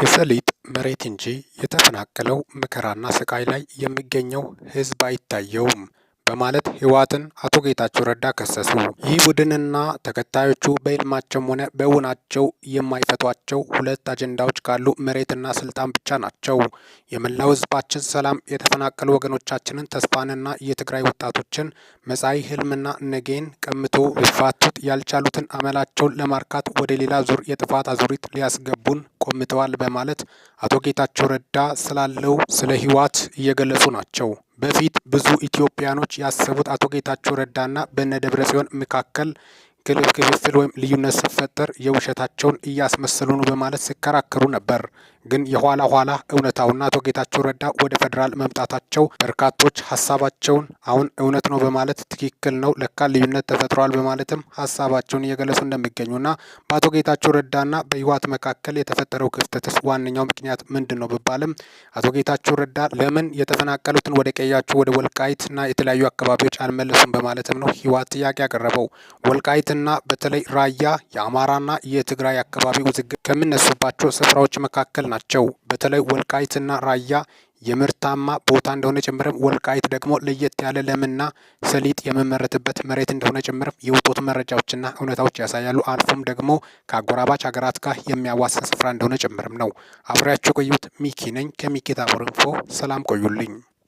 የሰሊጥ መሬት እንጂ የተፈናቀለው መከራና ስቃይ ላይ የሚገኘው ህዝብ አይታየውም። በማለት ህወሓትን አቶ ጌታቸው ረዳ ከሰሱ። ይህ ቡድንና ተከታዮቹ በህልማቸውም ሆነ በእውናቸው የማይፈቷቸው ሁለት አጀንዳዎች ካሉ መሬትና ስልጣን ብቻ ናቸው። የመላው ህዝባችን ሰላም፣ የተፈናቀሉ ወገኖቻችንን ተስፋንና የትግራይ ወጣቶችን መጻኢ ህልምና ነገን ቀምቶ ሊፋቱት ያልቻሉትን አመላቸውን ለማርካት ወደ ሌላ ዙር የጥፋት አዙሪት ሊያስገቡን ቆምተዋል በማለት አቶ ጌታቸው ረዳ ስላለው ስለ ህወሓት እየገለጹ ናቸው። በፊት ብዙ ኢትዮጵያኖች ያሰቡት አቶ ጌታቸው ረዳና በነደብረ ሲሆን መካከል ክልል ክፍፍል ወይም ልዩነት ሲፈጠር የውሸታቸውን እያስመሰሉ ነው በማለት ሲከራከሩ ነበር። ግን የኋላ ኋላ እውነታውና አቶ ጌታቸው ረዳ ወደ ፌዴራል መምጣታቸው በርካቶች ሀሳባቸውን አሁን እውነት ነው በማለት ትክክል ነው ለካ ልዩነት ተፈጥሯል በማለትም ሀሳባቸውን እየገለጹ እንደሚገኙና በአቶ ጌታቸው ረዳና በህወሓት መካከል የተፈጠረው ክፍተትስ ዋነኛው ምክንያት ምንድን ነው ቢባልም አቶ ጌታቸው ረዳ ለምን የተፈናቀሉትን ወደ ቀያቸው ወደ ወልቃይትና የተለያዩ አካባቢዎች አልመለሱም በማለትም ነው ህወሓት ጥያቄ ያቀረበው ወልቃይት በወልቃይትና በተለይ ራያ የአማራና የትግራይ አካባቢ ውዝግብ ከሚነሱባቸው ስፍራዎች መካከል ናቸው። በተለይ ወልቃይትና ራያ የምርታማ ቦታ እንደሆነ ጭምርም ወልቃይት ደግሞ ለየት ያለ ለምና ሰሊጥ የምመረትበት መሬት እንደሆነ ጭምርም የወጡት መረጃዎችና እውነታዎች ያሳያሉ። አልፎም ደግሞ ከአጎራባች ሀገራት ጋር የሚያዋስን ስፍራ እንደሆነ ጭምርም ነው። አብሬያቸው ቆዩት። ሚኪ ነኝ ከሚኪታ ቦርንፎ። ሰላም ቆዩልኝ።